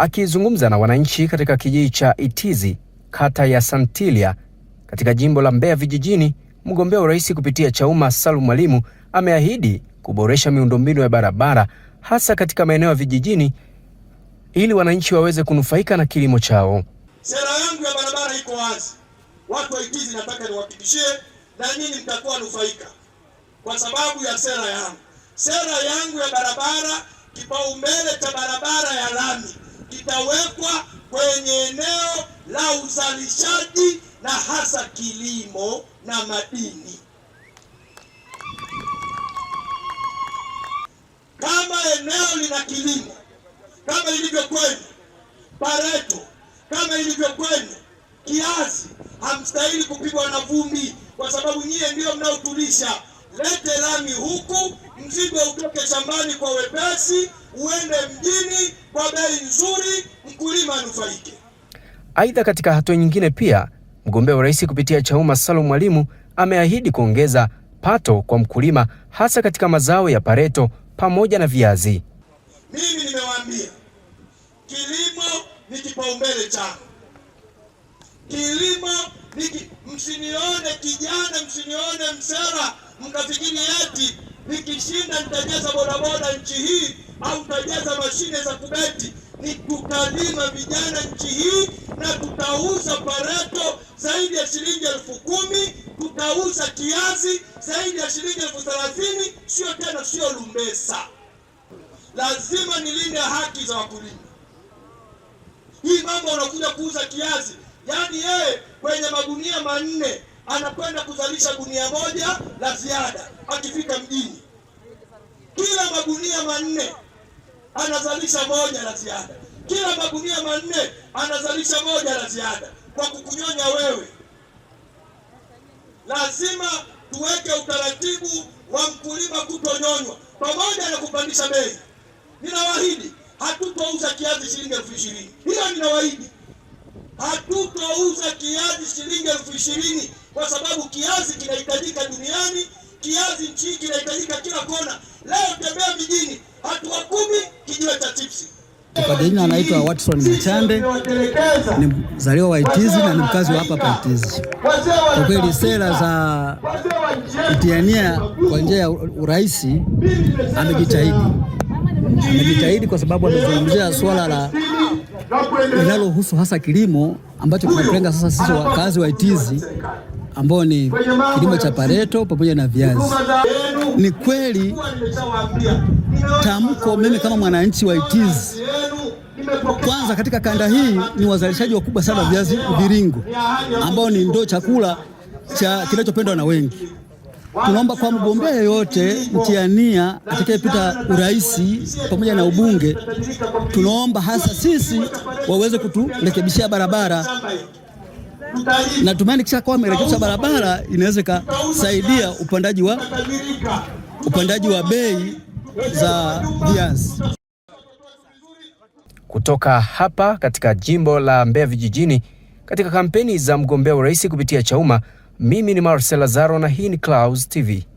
Akizungumza na wananchi katika kijiji cha Itizi kata ya Santilia katika jimbo la Mbeya Vijijini, mgombea urais kupitia Chauma Salum Mwalimu ameahidi kuboresha miundombinu ya barabara hasa katika maeneo ya vijijini ili wananchi waweze kunufaika na kilimo chao. Sera yangu ya barabara iko wazi, watu wa Itizi nataka niwahakikishie, na nyinyi mtakuwa nufaika kwa sababu ya sera yangu. Sera yangu ya barabara, kipaumbele cha barabara ya lami itawekwa kwenye eneo la uzalishaji na hasa kilimo na madini kama eneo lina kilimo kama ilivyo kwenu Pareto, kama ilivyo kwenu kiazi, hamstahili kupigwa na vumbi, kwa sababu nyie ndio mnaotulisha lete lami huku, mzigo utoke shambani kwa wepesi uende mjini kwa bei nzuri, mkulima anufaike. Aidha, katika hatua nyingine pia mgombea wa rais kupitia Chauma Salum Mwalimu ameahidi kuongeza pato kwa mkulima hasa katika mazao ya pareto pamoja na viazi. Mimi nimewaambia kilimo ni kipaumbele changu, kilimo ni ki... msinione kijana, msinione msera mkafikiri eti nikishinda nitajaza bodaboda nchi hii au nitajaza mashine za kubeti. Ni tutalima vijana nchi hii na tutauza pareto zaidi ya shilingi elfu kumi tutauza kiazi zaidi ya shilingi elfu thelathini Sio tena, sio lumbesa. Lazima nilinde haki za wakulima. Hii mambo unakuja kuuza kiazi, yaani yeye kwenye magunia manne anakwenda kuzalisha gunia moja la ziada. Akifika mjini, kila magunia manne anazalisha moja la ziada, kila magunia manne anazalisha moja la ziada. Kwa kukunyonya wewe, lazima tuweke utaratibu wa mkulima kutonyonywa, pamoja na kupandisha bei. Ninawaahidi hatutouza kiazi shilingi elfu ishirini. Hiyo ninawaahidi hatutouza kiazi shilingi elfu ishirini kwa sababu kiazi kinahitajika duniani, kiazi nchini kinahitajika kila kona. Leo tembea mijini, hatua kumi kijiwe cha chipsi. Kwa jina anaitwa Watson Mchande, ni mzaliwa wa Itizi na ni mkazi wa hapa hapa Itizi. Kwa kweli sera za kutiania kwa njia ya urahisi amejitahidi, amejitahidi kwa sababu amezungumzia swala la linalohusu hasa kilimo ambacho kinatulenga sasa sisi wakazi wa Itizi ambao ni kilimo cha pareto pamoja na viazi. Ni kweli tamko, mimi kama mwananchi wa Itizi kwanza katika kanda hii ni wazalishaji wakubwa sana viazi mviringo ambao ni ndo chakula cha kinachopendwa na wengi. Tunaomba kwa mgombea yeyote mtiania atakayepita urais pamoja na ubunge, tunaomba hasa sisi waweze kuturekebishia barabara Natumani kisha kwa amerekebisha barabara inaweza ikasaidia upandaji wa, upandaji wa bei za viazi. Kutoka hapa katika jimbo la Mbeya vijijini katika kampeni za mgombea urais kupitia Chauma, mimi ni Marcel Lazaro na hii ni Clouds TV.